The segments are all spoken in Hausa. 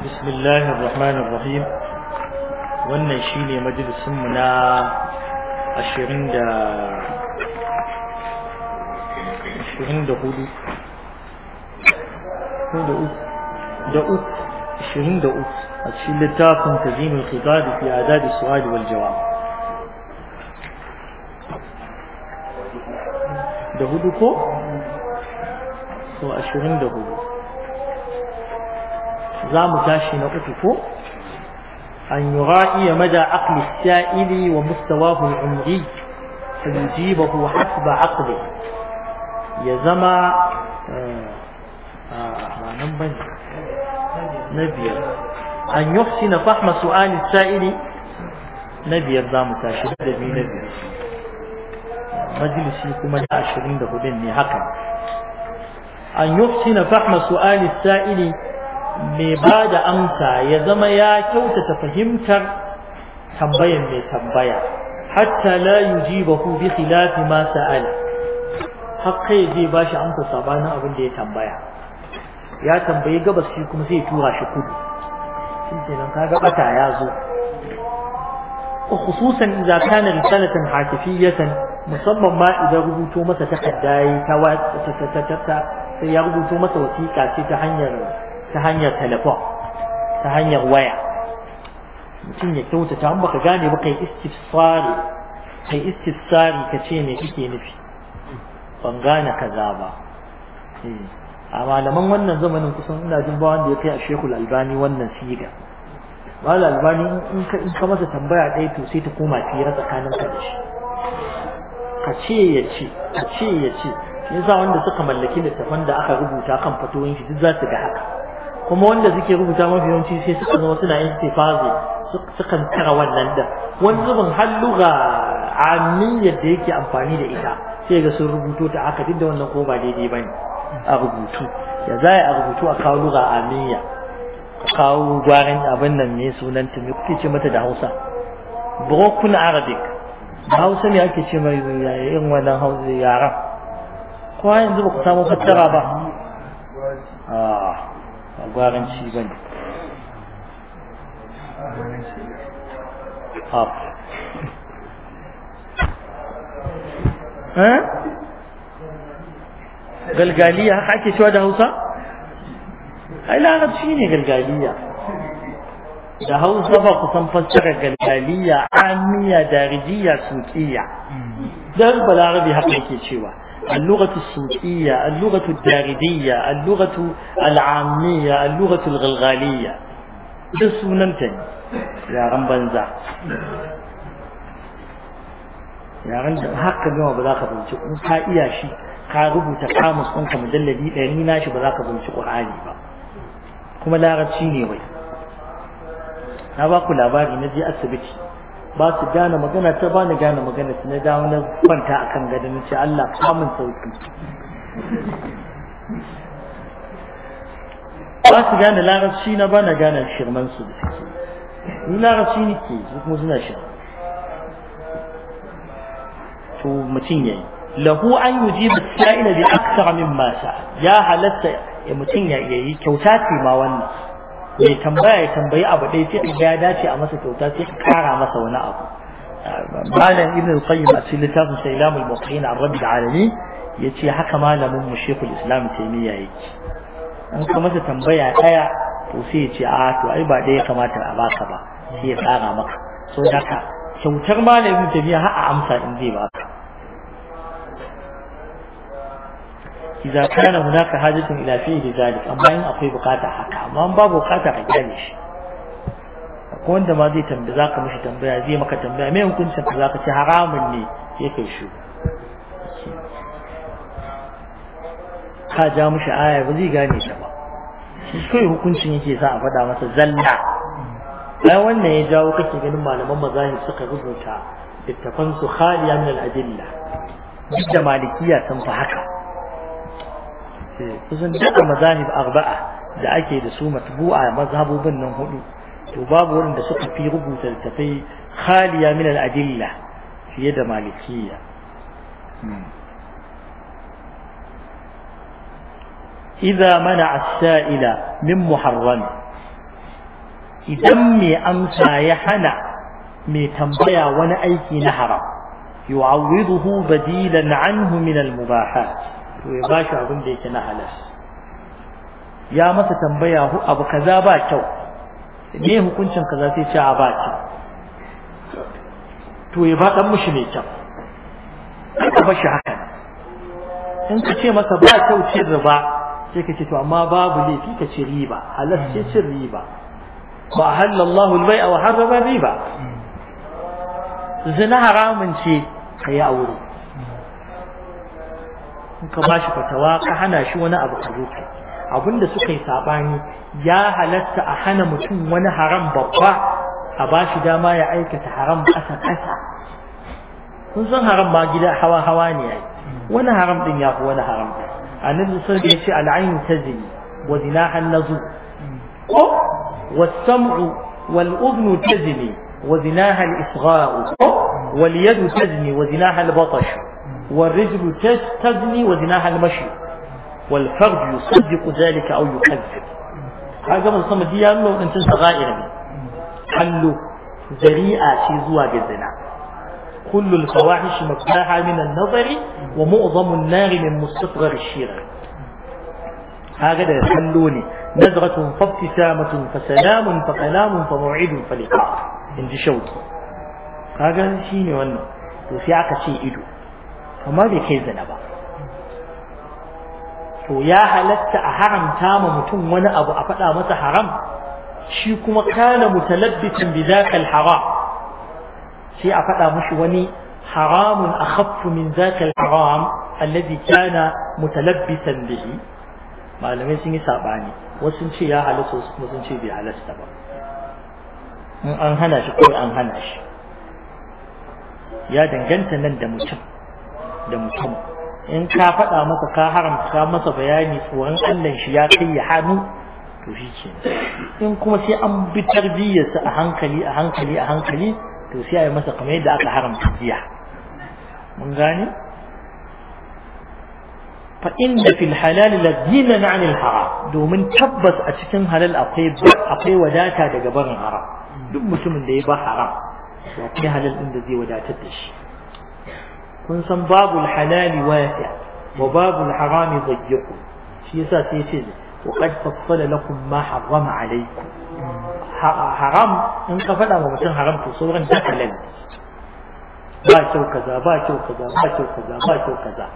بسم الله الرحمن الرحيم wannan shi ne majalisunmu na ashirin da ashirin da hudu da uku ashirin da uku a cikin littafin tazimin khidadi fi adadi su'ali wal jawab da hudu ko so ashirin da hudu زام تاشي نقطكو أن يرائي مدى عقل السائل ومستواه العمري فيجيبه حسب عقله آه، آه، نبني نعم، نبي أن يحسن فهم سؤال السائل نبيا دام تاشد نبي نبيا مجلسي كما عشرين دهدين هكذا أن يحسن فهم سؤال السائل mai ba da amsa ya zama ya kyautata fahimtar tambayan mai tambaya hatta la yujibahu bi khilafi ma sa'ala hakka ya ba shi amsa sabanin abin da ya tambaya ya tambayi gabas shi kuma sai tura shi kudu shi kenan kaga bata ya zo خصوصا إذا كان رسالة عاطفية musamman ma idan rubuto masa takarda ya ta ya rubuto masa wasiƙa ce ta hanyar ta hanyar telefon ta hanyar waya mutum ya kyautata an baka gane ba kai istifsari kai istifsari ka ce me kike nufi ban gane kaza ba eh, a malaman wannan zamanin kusan ina jin ba wanda ya kai a shekul albani wannan siga mala albani in ka masa tambaya ɗaya to sai ta koma fira tsakanin ka da shi ka ce ya ce ka ce ya ce yasa wanda suka mallaki littafan da aka rubuta kan fatoyin shi duk za su ga haka kuma wanda suke rubuta mafi yawanci sai suka zama suna yin istifazi sukan tara wannan da wani zubin halluga a amiyyar da yake amfani da ita sai ga sun rubuto ta aka duk da wannan ko ba daidai ba ne a rubutu ya za a rubutu a kawo a amiyya a kawo gwarin abin nan mai sunan ta mai kuke ce mata da hausa broken arabic da hausa ne ake ce mai yayin wannan hausa yaran kowa yanzu ba ku samu fassara ba ah. gwaranci ba ne eh? galgaliya haka ake cewa da hausa? ai larabci ne galgaliya da hausa ba kusan fassara galgaliya amiya darijiya sukiya hmm. don balarabi haka yake cewa اللغة الصوتية اللغة الداردية اللغة العامية اللغة الغلغالية هذا سننتين يا غنبنزا يا غنبنزا حق اليوم بذاك بلشق نسا إياشي كاربو تقامس أنك مدلة إيه، دي لأني ناشي بذاك بلشق عالي با كما لا أردشيني وي نواقو لاباري نجي أسبتي ba su gane magana ta ba ni gane magana su na dawo na kwanta a kan gada na ce Allah samun sauki ba su gane larabci na ba na gane shirman su da suke ni larabci ni ke su kuma suna shirman to mutum ya yi lahu an yi jibu sa'ila bi aksara min masa ya halatta mutum ya yi kyauta ce ma wannan mai tambaya ya tambayi abu ɗaya sai ka ya dace a masa kyauta sai ka kara masa wani abu malam ibn al-qayyim a cikin littafin sa ilamul muqin an rabbil alamin yace haka malamin mu shekul islam taymiya yake an ka masa tambaya ɗaya to sai ya ce a to ai ba ɗaya kamata a baka ba sai ya kara maka so da kyautar malamin taymiya har a amsa in zai baka iza kana hunaka hajatun ila fi dzalik amma in akwai bukata haka amma ba bukata ka gane shi ko wanda ma zai tambaya zaka mishi tambaya zai maka tambaya me yankun san ka zaka ci haramun ne yake shi ka ja mishi aya ba zai gane ta ba shi kai hukuncin yake sa a faɗa masa zalla ai wannan ya jawo kake ganin malaman mazahib suka rubuta ittafansu khaliya min al-adilla duk da malikiya sun fi haka kusan duka mazahib arba'a da ake da su matbu'a mazhabobin nan hudu to babu wanda suka fi rubuta littafai khaliya min al-adilla fiye da malikiyya إذا منع السائل من محرم إذن مي أمسى يحنى مي تنبيا ونأيك نهرا يعوضه بديلا عنه من المباحات to ya bashi abin da yake na halal ya masa tambaya hu abu kaza ba kyau me hukuncin kaza sai ce a ba kyau to ya ba dan mushi mai kyau ka bashi haka in ka ce masa ba kyau cin riba sai ka ce to amma babu laifi ka ci riba halal ce cin riba wa halallahu al-bai'a wa harrama riba zina haramun ce kai aure in ka ba shi fatawa ka hana shi wani abu ka zo kai abinda suka yi sabani ya halatta a hana mutum wani haram babba a ba shi dama ya aikata haram kasa kasa kun san haram ma gida hawa hawa ne ai wani haram din ya fi wani haram din annabi sun ya ce al'ain tazini wa zinahan nazu ko was-sam'u wal-udhnu tazini wa zinaha al-isgha'u ko wal-yadu tazini wa zinaha al-batash والرجل تستدني وزناها المشي والفرد يصدق ذلك أو يكذب هذا من صمد دي أنه أنت صغائر حل جريئة في زواج الزنا كل الفواحش مفتاحة من النظر ومعظم النار من مستطغر الشيرة هكذا يحلوني نزغة فابتسامة فسلام فكلام فموعد فلقاء عند شوط هذا شيء وانا وفي شيء إدو amma bai kai zina ba to ya halatta a haramta ma mutum wani abu a faɗa masa haram shi kuma kana mutalabbitin bi zakal haram sai a faɗa mashi wani haramun akhaffu min zakal haram alladhi kana mutalabbitan bihi malamai sun yi sabani wasu sun ce ya halatta wasu kuma sun ce bai halatta ba in an hana shi ko an hana shi ya danganta nan da mutum da mutum in ka fada masa ka haramta masa bayani tsoron Allah shi ya kai ya hannu to shi ke in kuma sai an bi tarbiyyarsa a hankali a hankali a hankali to sai a masa kamar yadda aka haramta jiya mun gane fa inda fil halal la dina an al haram domin tabbas a cikin halal akwai akwai wadata daga barin haram duk mutumin da ya ba haram to akwai halal din da zai wadatar da shi kun san babul halali wasi wa babul harami dayyiqu shi yasa sai yace wa qad fassala lakum ma harrama alaykum haram in ka fada wa mutum haram to sauran da halal ba kyau kaza ba kyau kaza ba kyau kaza ba kyau kaza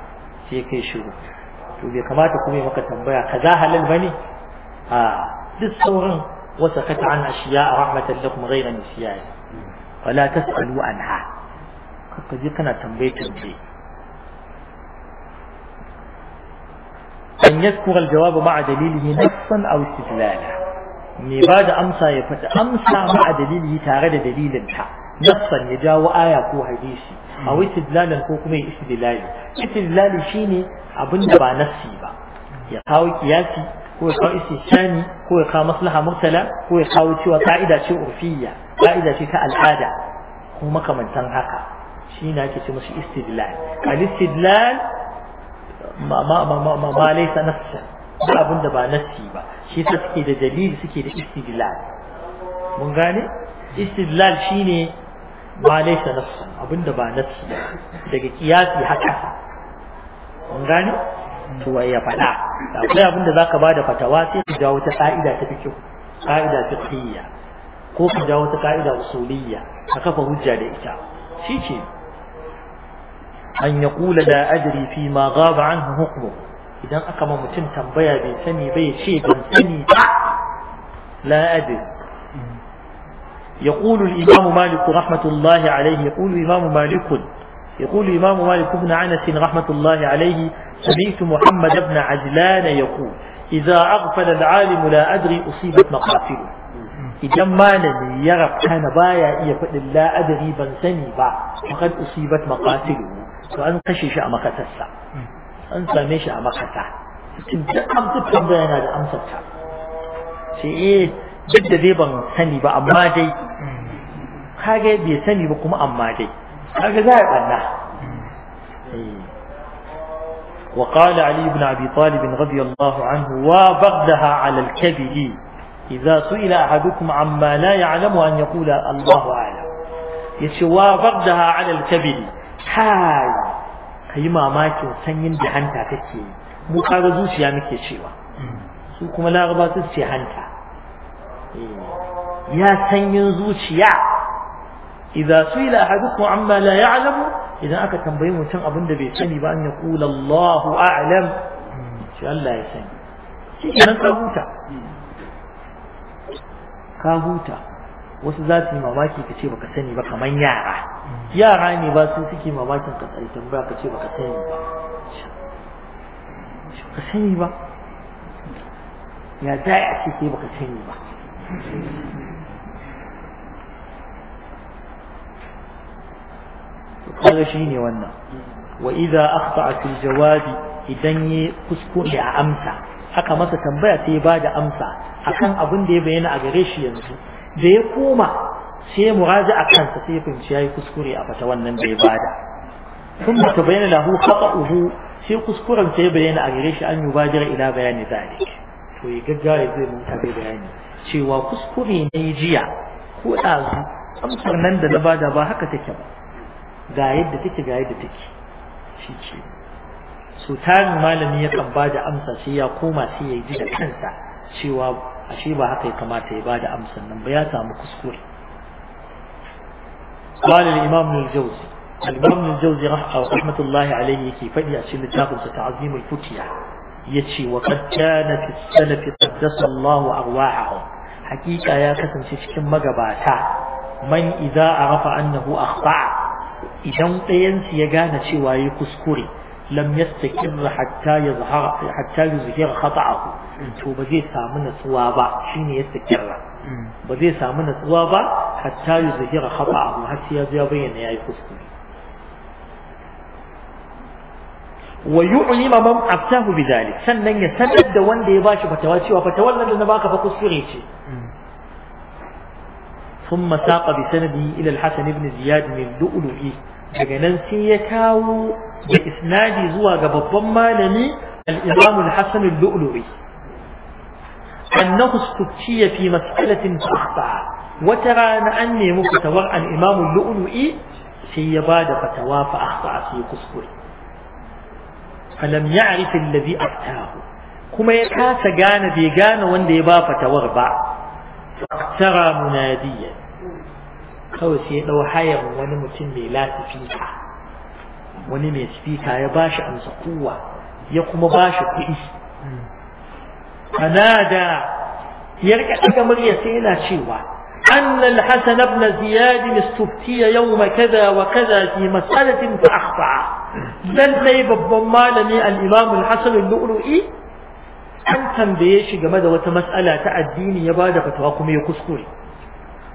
sai kai shiru to bai kamata kuma maka tambaya kaza halal bane a duk sauran wasa وسكت عن أشياء رحمة لكم غير نسيان ولا tas'alu anha ka ji kana tambayi tambaye an yadkura al-jawab ma'a dalilihi nassan aw istidlala me ba da amsa ya fata amsa a dalilihi tare da dalilinta nassan ya jawo aya ko hadisi a wai istidlalan ko kuma ya istidlali istidlali shine da ba nassi ba ya kawo kiyasi ko ya kawo ko ya kawo maslaha murtala ko ya kawo cewa ka'ida ce urfiyya ka'ida ce ta al'ada ko makamantan haka shi na ake ce mashi istidlal al-istidlal ma ma ma ma ma laysa nafsa ba abin da ba nafsi ba shi ta suke da dalili suke da istidlal mun gane istidlal shine ma laysa nafsa abin da ba nafsi daga kiyasi haka mun gane to wai ya faɗa kai abin da zaka bada fatawa sai ka jawo ta ka'ida ta fiqh ka'ida fiqhiyya ko ka jawo ta ka'ida usuliyya ka kafa hujja da ita shi ce أن يقول لا أدري فيما غاب عنه حكمه إذا أقام متن تنبيا بيتني بي شيء بسني لا أدري يقول الإمام مالك رحمة الله عليه يقول الإمام مالك يقول الإمام مالك بن أنس رحمة الله عليه سمعت محمد بن عجلان يقول إذا أغفل العالم لا أدري أصيبت مقاتله إذا ما لم يرى كان بايا إيه لا أدري بن سني وقد فقد أصيبت مقاتله to an kashe shi a makatarsa an same shi a makata cikin duk amsar tambaya yana da amsar ta ce eh duk da dai ban sani ba amma dai kage bai sani ba kuma amma dai kage za a banna وقال علي بن أبي طالب رضي الله عنه وبغدها على الكبد إذا سئل أحدكم عما لا يعلم أن يقول الله أعلم يتشوى بغدها على الكبد kai yi mamakin sanyin da hanta take mu kaga zuciya muke cewa su kuma laraba su ce hanta eh, ya sanyin zuciya idza suila ahadukum amma la idan aka tambayi mutum abin da bai sani ba an ya kula Allahu a'lam shi Allah ya sani shi ka huta ka huta wasu za su yi mamaki ka ce baka sani ba kamar yara yara ne ba su suke mamakin ka tsari tambaya ka ce baka sani ba ka sani ba ya za a ce ba baka sani ba kaga shi ne wannan wa idza akhta'a fil jawabi idan ya kuskure a amsa aka masa tambaya sai ya bada amsa akan abin da ya bayyana a gare shi yanzu da ya koma sai muraja a kansa sai fahimci yi kuskure a fata wannan da ya bada sun ba ta bayyana lahu uhu sai kuskuren sai bayyana a gare shi an yubajira ila bayani zalik to ya gaggawa zai mutane bayani cewa kuskure ne jiya ko ɗazu amsar nan da na bada ba haka take ba ga yadda take ga yadda take shi ce so tarin malami ya kan bada amsa sai ya koma sai ya ji da kansa cewa ashe ba haka ya kamata ya bada amsar nan ba ya samu kuskure قال الإمام ابن الجوزي الإمام ابن الجوزي رحمة الله عليه كي فدي أشيل تاخذ تعظيم الفتية يتشي وقد كانت السلف قدس الله أرواحهم حقيقة يا كسن شكم مقباتا من إذا عرف أنه أخطأ إذا قينس يقان شوى يكسكري لم يستكر حتى يظهر حتى يظهر خطأه أنتو ba من samu natsuwa يستكر shine من sakirra حتى يظهر خطأه حتى يبين يا يخصني ويعلم من عبته بذلك سنن يسبب دوان دي باشي فتواتي وفتولى لنباك فتصفريتي ثم ساق بسنده إلى الحسن بن زياد من لؤلؤي بجنان سيكاو بإسنادي زوا قبضان مالني الإمام الحسن اللؤلؤي أنه استبتي في مسألة تخطأ wata rana an nemi fatawar al'imamun imam lu'lu'i sai ya da fatawa fa akhta sai kuskure falam ya'rif alladhi aftahu kuma ya kasa gane bai gane wanda ya ba fatawar ba tara munadiya kawai sai ya dau hayar wani mutum mai lasifika wani mai spika ya shi amsa kowa, ya kuma bashi kuɗi anada ya rika daga murya sai yana cewa أن الحسن بن زياد استفتي يوم كذا وكذا في مسألة فأخطع دل لي ببما لني الإمام الحسن اللؤلؤي أن كان بيشي جمد وتمسألة تأديني يبادة فتواكم يكسكوي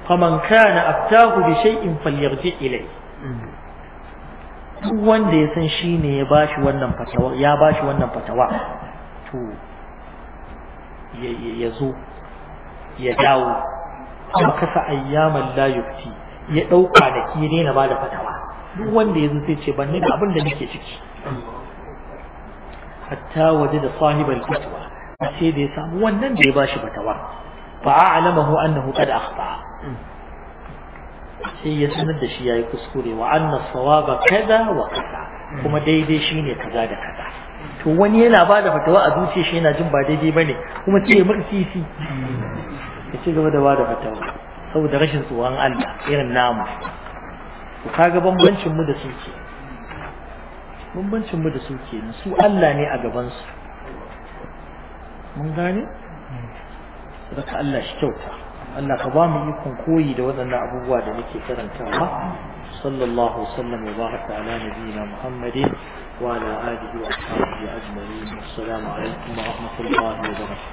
فمن كان أفتاه بشيء فليرجع إليه وان دي سنشيني يباش وانن فتوا يباش وانن فتوا تو يزو يداو an kasa ayyaman la yufti ya dau kwanaki ne na bada fatawa duk wanda yanzu sai ce ban ni da abin da nake ciki hatta waje da sahibal fatwa sai da ya samu wannan da ya bashi fatawa fa a'lamahu annahu qad akhta sai ya sanar da shi yayi kuskure wa anna sawaba kaza wa kaza kuma daidai shine kaza da kaza to wani yana bada fatawa a zuciya shi yana jin ba daidai bane kuma sai ya murtisi ya ci gaba da bada fatawa saboda rashin tsoron Allah irin namu ku kaga bambancin mu da su ke bambancin mu da su ke su Allah ne a gaban su mun gane sadaka Allah shi kyauta Allah ka ba mu ikon koyi da waɗannan abubuwa da nake karantawa sallallahu sallam wa baraka ala nabiyyina muhammadin وعلى آله وأصحابه أجمعين والسلام عليكم ورحمة الله وبركاته